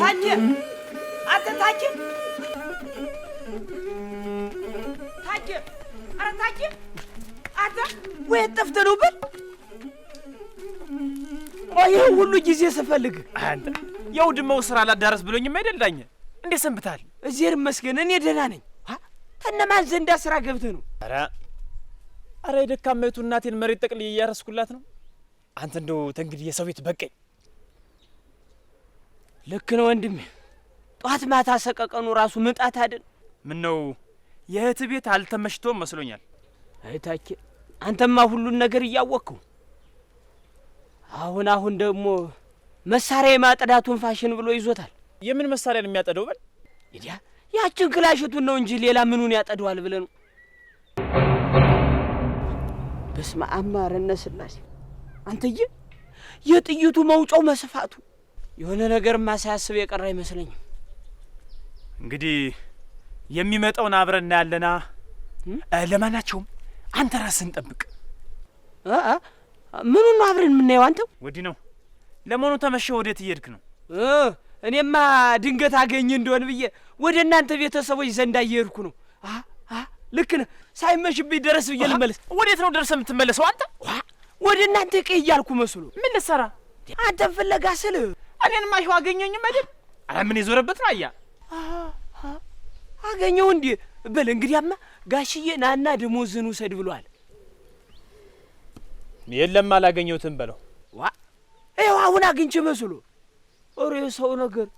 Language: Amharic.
ታች አንተ ታች ታች ኧረ ታች አንተ ወይ ጠፍተህ ነው ብል ይህ ሁሉ ጊዜ ስፈልግ አንተ የውድመው ስራ ላዳረስ ብሎኝም አይደላኝ። እንዴ ሰንብታል? እግዜር መስገን እኔ ደህና ነኝ። ከነማን ዘንዳ ስራ ገብተህ ነው? ኧረ ኧረ የደካመቱ እናቴን መሬት ጠቅልዬ እያረስኩላት ነው። አንተ እንደው ተንግዲህ የሰው ቤት በቀኝ ልክ ነው ወንድሜ። ጧት ማታ ሰቀቀኑ ራሱ ምጣት አይደል? ምን ነው የእህት ቤት አልተመሽቶም መስሎኛል። እህታኬ አንተማ ሁሉን ነገር እያወቅኩ አሁን አሁን ደግሞ መሳሪያ የማጠዳቱን ፋሽን ብሎ ይዞታል። የምን መሳሪያ ነው የሚያጠደው? በል እንዲያ ያችን ክላሽቱን ነው እንጂ ሌላ ምኑን ያጠደዋል ብለ ነው? በስመ አብ ማረነ አንተዬ የጥይቱ መውጫው መስፋቱ የሆነ ነገርማ ሳያስብ የቀረ አይመስለኝም። እንግዲህ የሚመጣውን አብረን እናያለና ለማናቸውም አንተ ራስን ጠብቅ። ምኑን ነው አብረን የምናየው? አንተው ወዲህ ነው። ለመሆኑ ተመሸ ወዴት እየሄድክ ነው? እኔማ ድንገት አገኝ እንደሆን ብዬ ወደ እናንተ ቤተሰቦች ዘንዳ እየሄድኩ ነው። ልክ ነህ። ሳይመሽብኝ ደረስ ብዬ ልመለስ። ወዴት ነው ደርሰህ የምትመለሰው አንተ? ወደ እናንተ ቀይ እያልኩ መስሎ ምን ልትሰራ አንተን ፍለጋ እኔንማ ይኸው አገኘኝም አይደል? ኧረ ምን የዞረበት ነው? አያ አገኘው እንዴ? በል እንግዲያማ ጋሽዬ ናና ደሞዝን ውሰድ ብሏል። የለም አላገኘሁትም በለው። ዋ ይኸው አሁን አግኝቼ መስሎ። ኧረ የሰው ነገር